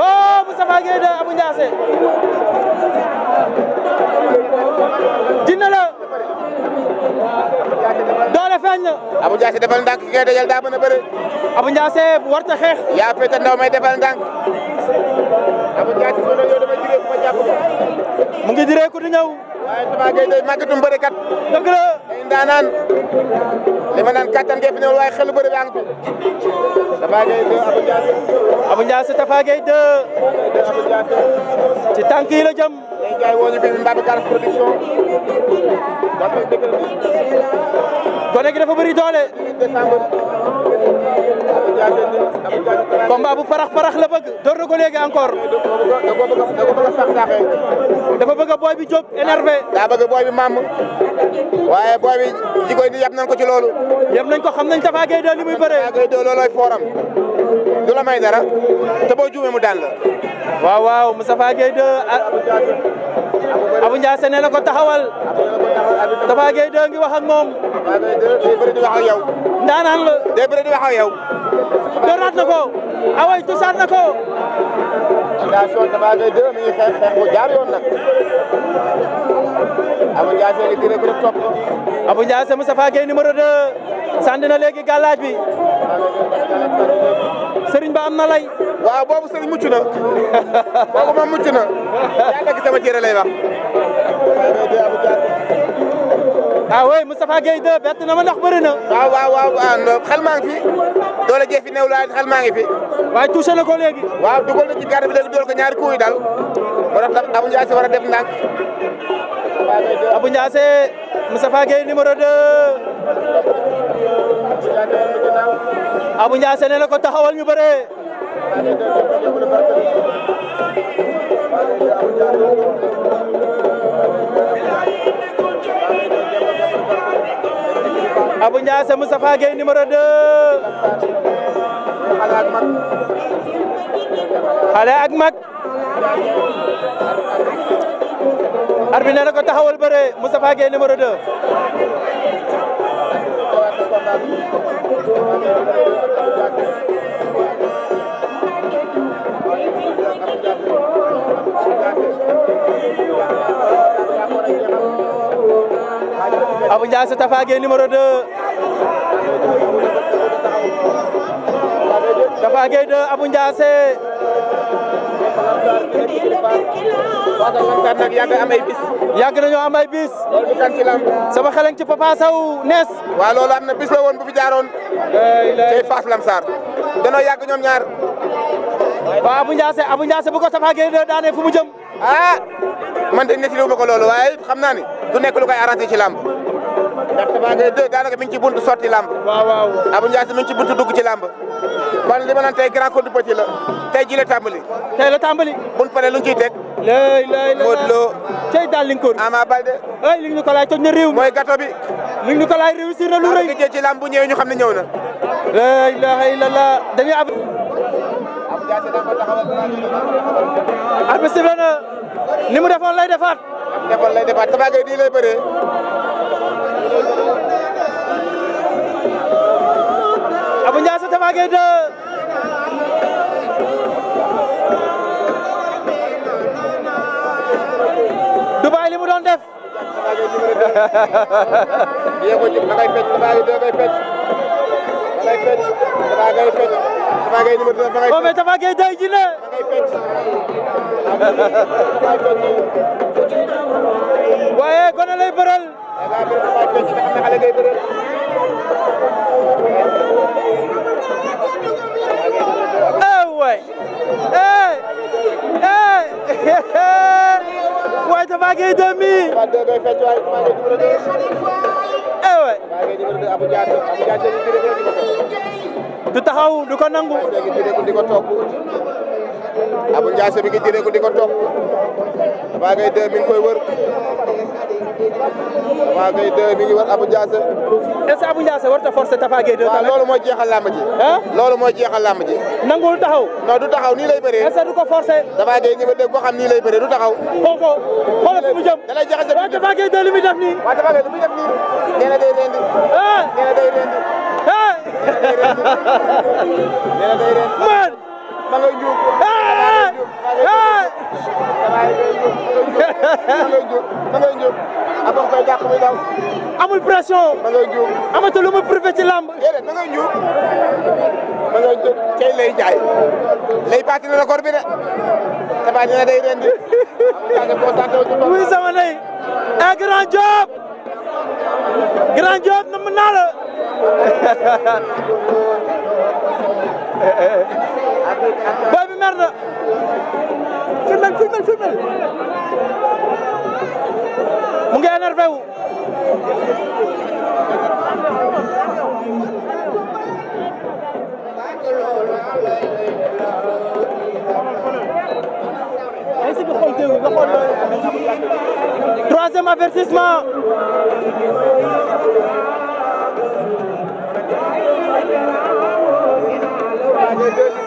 oh Moustapha Gueye de Abou Ndiassé dina la doole feeñ na. Abou Ndiassé defal ki ngay dajal daa mën a bëre. Abou Ndiassé war na xeex. yaa féete ndaw may defal ndànk. mu ngi diree ku ñëw. waaye Moustapha Gueye de màggatum bërekat. ndaanaan li ma naan kattan ngeen fi ñëwal waaye xel bëri ngi fi Tafa Gueye 2 Abou ci tànk yi la jëm. tey gone gi dafa bëri doole. décembre. combat bu parax parax la bëgg door na ko léegi encore. dafa bëgg a sax saxee. dafa bëgg a booy bi jóg énervé. daa bëgg booy bi màmm waaye booy bi jigéen ñi yab nañ ko ci yab nañ ko xam nañ Tapha Gueye muy bëree. Tapha Gueye de loolooy fooram. du la may dara te boo juumee mu daan la. waaw waaw Moustapha Gueye 2 ah, Abou Ndiassane la ko taxawal Moustapha Gueye 2 ngi wax moom. day bëri di wax ak yow. ndaanaan la. day bëri di wax ak yow. doonaat na ko away tusaat na ko. situation Moustapha Gueye 2 mi xeex xeex bu jaar yoon nag. Abou Ndiassane li gën a bëri topp. Abou Ndiassane Moustapha Gueye numéro 2 sànni na léegi gàllaaj bi. sëriñ ba am lay. waaw boobu sëriñ mucc na boobu moom mucc na yaa ngi sama lay wax. ah oui Moustapha Gueye 2 bett na ma ndax bëri na. waaw waaw waaw ah, xel maa ngi fi doole jëf fi néew laa fi. waaye touché na ko léegi. waaw dugal na ci bi léegi dool ko ñaari coup yi daal moo tax tam Abou Ndiassé war a def ndànk. Abou Ndiassé Moustapha abu Ndiassé nee na ko taxawal ñu bëree Abou Ndiassé Moustapha Gueye numéro 2 xale ak mag arbi nee na ko taxawal bëree Moustapha Gueye numéro Abou Ndiaye sa Tapha Gueye numéro 2 waaw waaw waaw nag yàgg am ay bis. yàgg nañoo ci lamb. sama xel ci nees. waaw loolu am na bis la woon bu fi jaaroon. tey Fass Lamsar. danoo yàgg ñoom ñaar. waaw Abou Ndiassé Abou Ndiassé bu ko Tapha Gueye daane fu mu jëm. ah man de nettaliwu ma ko loolu waaye xam naa ni du nekk lu koy ci lamb. ndax Tapha Gueye ci buntu sotti lamb. waaw waaw Abou ci buntu dugg ci lamb. kon li ma naan tey grand la. tey ji la tàmbali. tey la tàmbali. buñ paree daal liñ ko woon Ama Balde. ay li ñu ko laaj toj na réew mi mooy gâteau bi. na lu rëy. ak ci lamb xam ne ñëw na. la ilaha illallah dañuy ab. ni mu defoon lay defaat. defoon lay defaat Tapha Gueye lay bëree. Abou Ndiassé Tapha Gueye du bàyyi li mu doon def. yéen ko jëm da ngay fecc da ngay da ngay fecc da ngay fecc da ngay fecc da ngay numéro da ngay fecc. mais Tapha Gueye day ji ne. da ngay fecc. waaye gone lay bëral. ah eh, waay. Eh. Balla Gaye 2 mi eh ouais du taxaw du ko nangu Abou Ndiassé mi ngi jëlee ko di ko topp Balla Gaye 2 mi ngi koy wër Tafa Gueye 2 mi ngi war Abou Ndiassé. est-ce que Abou Ndiassé warut a forcer Tafa Gueye 2. waaw loolu mooy jeexal làmb ji. loolu mooy jeexal làmb ji. nanguwul taxaw. non du taxaw nii lay bëree. est-ce que du ko forcer. Tafa Gueye ñi ma dégg ko xam nii lay bëree du taxaw. xool ko xoolal fi mu jëm. da lay jaxase waaw Tafa Gueye 2 li muy def nii. waaw Tafa Gueye li muy def nii. nee na day rendi. nee na day rendi. nee na day rendi. man. ma ngay njuub. da ngay jóg amoon koy dàq muy daw. amul pression. da ngay lu mu prouvé ci làmb. déedéet da ngay jóg da ngay jóg tey lay jaay lay bàtti na record bi de tabaat dina day rendi. muy sama nay et eh, grand job grand job na mu naa la. boy bi mer na filmel filmel mu ngi énervé wu troisième avertissement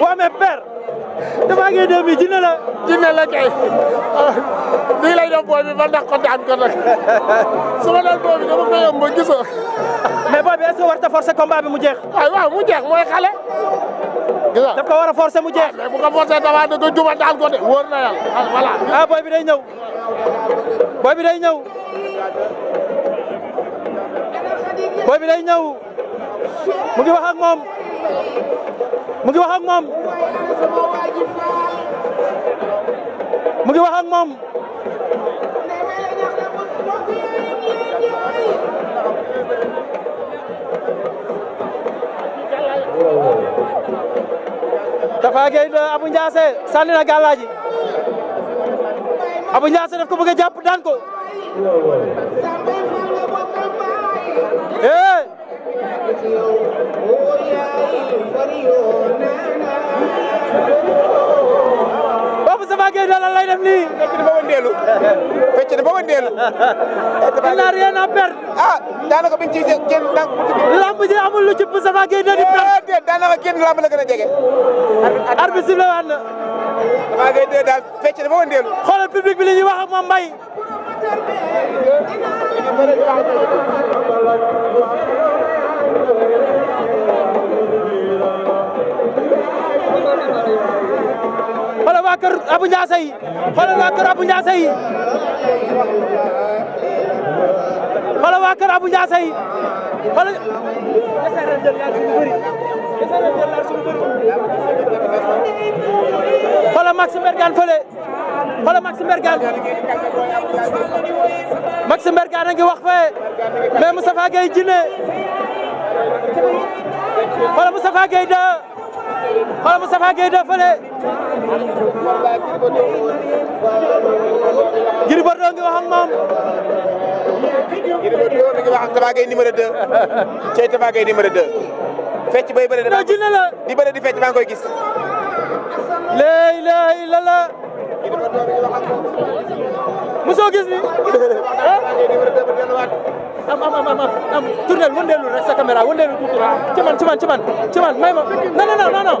waa mais père damaa ngi dem bi jinne la. jinne la kay ah, lay def booy bi ba ko daan ko nag su ma doon booy bi dama koy yomb ba gisoo. booy bi est-ce que war mu jeex. ay ah, waaw mu jeex mooy xale. gis daf ko war a mu jeex. Ah, mais bu ko forcer damaa ne ko juma daal de wóor na yàlla booy bi day ñëw booy bi day ñëw mu ngi wax ak moom mu ngi wax ak moom mu ngi wax ak moom Tapha Gueye de Abou na gàllaaji Abou Ndiassé daf ko bëgg a daan ko eh boobu Tapha Gueye lan lay def nii. fecc na ba wëndeelu. fecc na ba wëndeelu. il n'a rien à perdre. ah daanaka biñ ci génn ji amul lu jub Tapha Gueye dina di perdre. Eh, déedéet daanaka génn lamb la gën a jege. arbitre sifflé waat na. Tapha Gueye dee daal fecc na ba wëndeelu. xoolal public bi li ñuy wax ak kër Abou Ndiassé yi xoolal waa kër Abou Ndiassé yi xoolal waa kër Abou Ndiassé yi xoolal SRL jël naa suñu bëri SRL jël naa suñu bëri xoolal Maxime Bergan fële xoolal Maxime Bergan Maxime Bergan a ngi wax fee mais Moustapha Gueye jinne xoolal Moustapha Gueye de xoolal Moustapha Gueye de fële Gris Bordeaux ngi wax ak moom. Gris Bordeaux mi ngi wax ak Tapha Gueye numéro 2. cey Tapha Gueye numéro 2. fecc bay bëri damaa di bëri di fecc maa koy gis. léegi léegi lan la. Gris Bordeaux gis ni. am am am am am tournel wëndeelu ci man ci man ci man ci man may ma non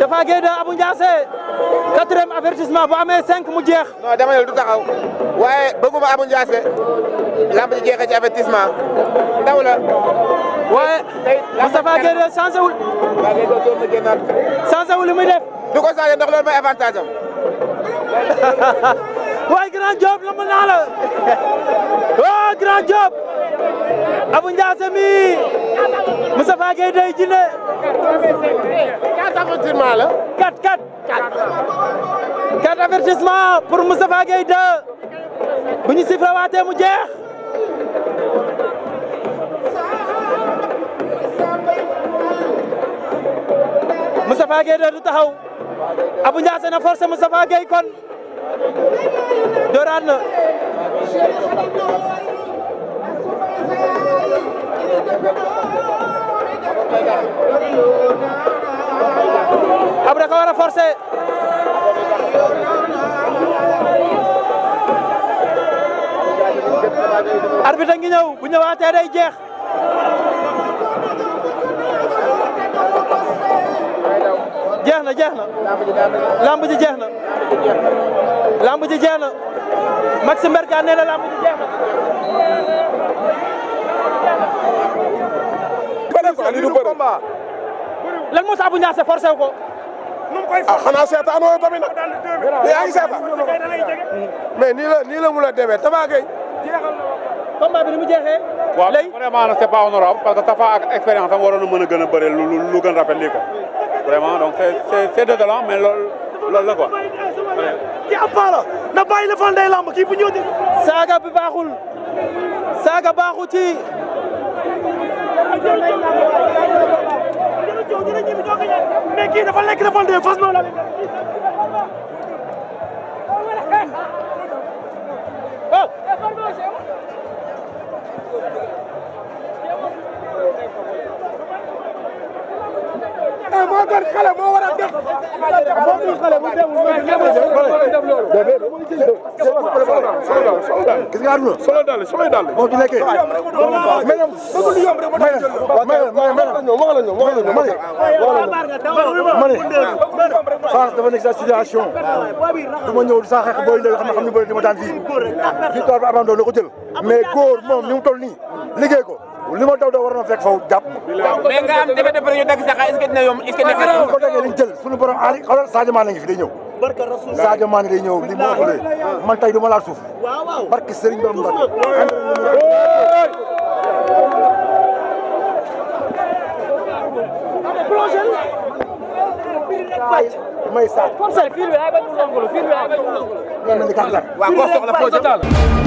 Tapha Gueye 2 Abou Ndiassé quatrième amee cinq mu jeex. non dama ne du taxaw waaye bëgguma Abou Ndiassé lamb ji jeexee ci avertissement ndaw la. waaye Moustapha Gueye 2 changé wul. li muy def. du ko changé ndax loolu mooy avantage waaye grand Diop la naa la waaw oh, grand Diop Abou Ndiassé mi Moustapha Gueye day jine quatre la quatre quatre quatre avertissement pour Moustapha Gueye bu ñu sifflé waatee mu jeex Moustapha Gueye du taxaw Abou Ndiassé na forcé Moustapha Gueye dooraat na Abou da war a forcer arbitre ngi ñëw bu ñëwaatee day jeex jeex na jeex na lamb ji jeex na lamb ji jeex na Maxime Mbergane nee na lamb ji jeex na. bëri ko Aliou du bëri moo tax Abou Niasse forcé ko. ah seetaanoo tamit nag yaa ngi seetaan mais la nii la mun a demee Tapha Gueye. combat bi ni mu jeexee. léegi waaw vraiment nag c'est pas honorable parce que Tapha ak expérience am waroon na mën a gën a bëri lu lu gën rafet lii ko vraiment donc c'est c'est désolant mais lool loolu la quoi. ci appaa la na bàyyi la fal ndey lamb kii bu ñëw dégg saaga bi baaxul saaga baaxu ci mais kii dafa lekk dafa ndee fas noonu gis nga àdduna solo daal moo ci nekkee mais ñoom bëggul yomb rek ma ma ma sa situation du ma ñëw saa xeex booy ndey xam ne xam ne bëri di ma daan victoire bi abandon na ko mais góor moom ni mu toll nii ko li ma daw daw waroon a fekk foofu jàpp ma. mais nga am défaite ba pare dagg sax est-ce que dina yomb est-ce que dina. ko daggee liñ jël suñu borom aari xoolal Sadio Mané ngi fi day ñëw. barka rasul Sadio Mané day ñëw li moo ko lee man tey du ma laal suuf. waaw waaw barki Serigne Bamba may sa. conseil fii bi ay bañ mu longolo fii bi ay bañ mu longolo. waaw